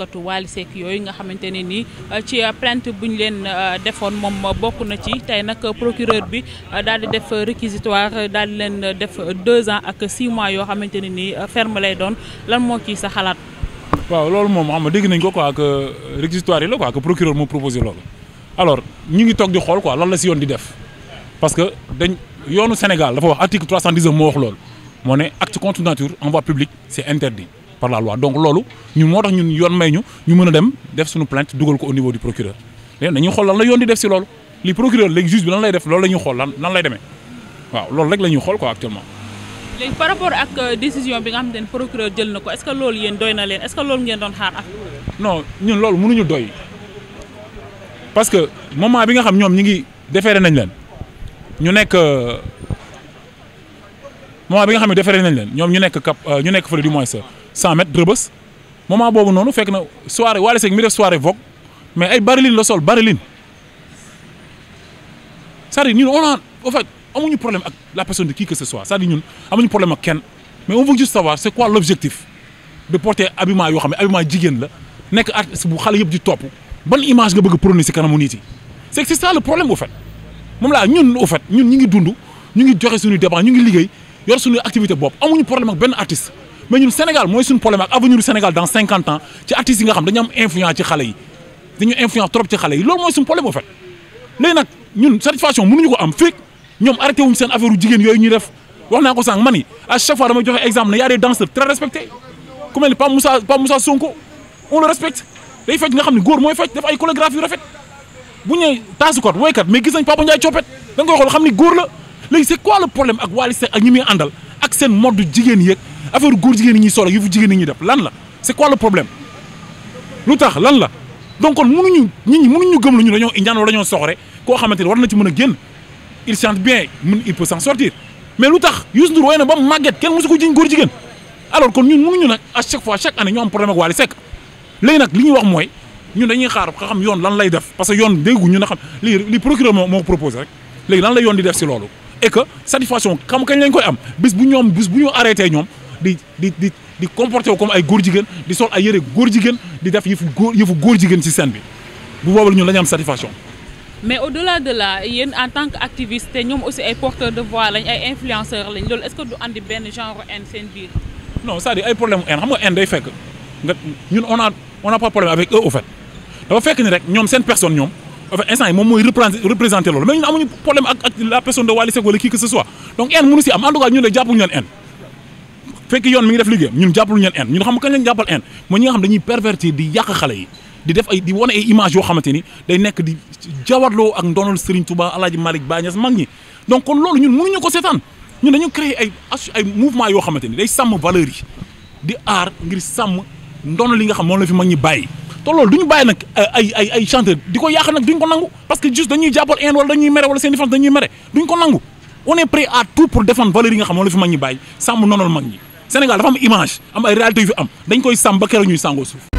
woykatu Wally Seck yooyu nga xamante ne nii uh, ci uh, plainte bu ñu leen uh, defoon moom bokk na ci tey nag procureur bi daal di def réquisitoire daal di leen def deux ans ak six mois yoo xamante ne nii ferme lay doon lan moo kii sa xalaat. waaw loolu moom xam nga dégg nañ ko quoi que réquisitoire yi la quoi que procureur moo proposé loolu alors ñu ngi toog di xool quoi lan la si yoon di def parce que dañ yoonu Sénégal dafa wax article 319 moo wax loolu moo ne acte contre nature en voie publique c'est par la loi donc loolu ñun moo tax ñun yoon may ñu ñu mën a dem def suñu plant dugal ko au niveau du procureur léegi dañuy xool lan la yoon di def si loolu li procureur léegi juge bi lan lay def loolu la xool lan lan lay demee waaw loolu rek la ñuy xool ko actuellement. léegi par rapport ak euh, décision bi nga xamante ne procureur jël na ko est-ce que loolu yéen doy na leen est-ce que loolu ngeen doon xaar ak. non ñun loolu mënuñu doy parce que moment bi nga xam ñoom ñi ngi déféré nañ leen ñu nekk euh, moment bi nga xam ne nañ leen ñoom ñu nekk cap euh, ñu nekk fële du moins 100 mètres rëbës moment boobu noonu fekk na soirée Wally Seck mi def soirée Vogue mais ay bariline la sol bariline cest à ñun on a en fait amuñu problème ak la personne de qui que ce soit c'est-à-dire ñun problème ak kenn mais on veut juste savoir c'est quoi l'objectif de porter habillement yoo xam ne habillement jigéen la nekk artiste bu xale yëpp di topp ban image nga bëgg a prôner ci kanamu nit yi c'est que c'est ça le problème au moom laa ñun au ñun ñu ngi dund ñu ngi joxe suñu dépense ñu ngi liggéey yor suñu activité bopp amuñu problème ak benn artiste mais ñun Sénégal mooy suñu problème ak avenir du Sénégal dans cinquante ans ci artistes yi nga xam dañu am influence ci xale yi dañu influence trop ci xale yi loolu mooy suñu problème au fait léegi nag ñun satisfaction mënuñu ko am fekk ñoom arrêté wuñ seen affaire jigéen yooyu ñuy def wax naa ko sànq man yi à chaque fois dama joxe exemple ne y a des danseurs très respectés ku mel ni Pape Moussa Pape Moussa Sonko on le respecte day fecc nga xam ne góor mooy fecc def ay chorégraphies yu rafet bu ñu nee taasukat woykat mais gis nañ Papa Ndiaye coppet da nga xam ni góor la léegi c'est quoi le problème ak Wally Seck ak muy àndal ak seen mode jigéen yeeg affaire góor jigéen ñi solo yu fu jigéen ñi def lan la c'est quoi le problème lu tax lan la donc kon mënuñu ñu ñi mënuñu gëm lu ñu dañoo ñaan wala dañoo soxore koo xamante ne war na ci mën a génn il chante bien mën il peut s'en sortir mais lu tax Youssou Ndour woy na ba màgget kenn mosu ko jiñ góor jigéen alors kon ñun mënuñu nag à chaque fois chaque année ñu am problème ak Wally Seck léegi nag li ñu wax mooy ñun dañuy xaar nga xam yoon lan lay def parce que yoon déggu ñu na xam li li procureur moo moo la yoon di def si loolu et que satisfaction xam kañ lañ koy am bis bu ñoom bis bu ñu arrêté ñoom di di di di comporté wu comme ay góor jigéen di sol ay yëre góor jigéen di def yëfu góor yëfu góor jigéen ci scène bi bu boobu ñun dañu am satisfaction. mais au-delà de là yéen en tant qu'activiste ñoom aussi ay porteurs de voix lañ ay influenceurs lañ loolu est-ce que du andi benn genre haine seen biir. non cest à ay problème haine xam nga haine day fekk nga ñun on a on a pas problème avec au fait dafa fekk ni rek ñoom seen personne ñoom en fait instant yi moom fekk yoon mi ngi def liggéeyam ñun jàppalu ñeen en ñun xam kañ lañ jàppal en mooy ñi nga xam dañuy pervertir di yàq xale yi di def ay di wane ay image yoo xamante ni day nekk di jawarloo ak ndonal Serigne Touba Alaaji Malick Baay Ñas mag ñi donc kon loolu ñun mënuñu ko seetaan ñun dañu créer ay ay mouvement yoo xamante ni day sàmm valeur yi di aar ngir sàmm ndono li nga xam moom la fi mag ñi bàyyi te loolu du ñu bàyyi nag ay ay di ko yàq nag duñ que juste dañuy jàppal en wala dañuy ko nangu on est prêt à tout pour défendre valeur yi nga xam moom la ñi Sénégal dafa am image am ay réalité am dañ koy sàmm ba keroog ñuy sàngoo suuf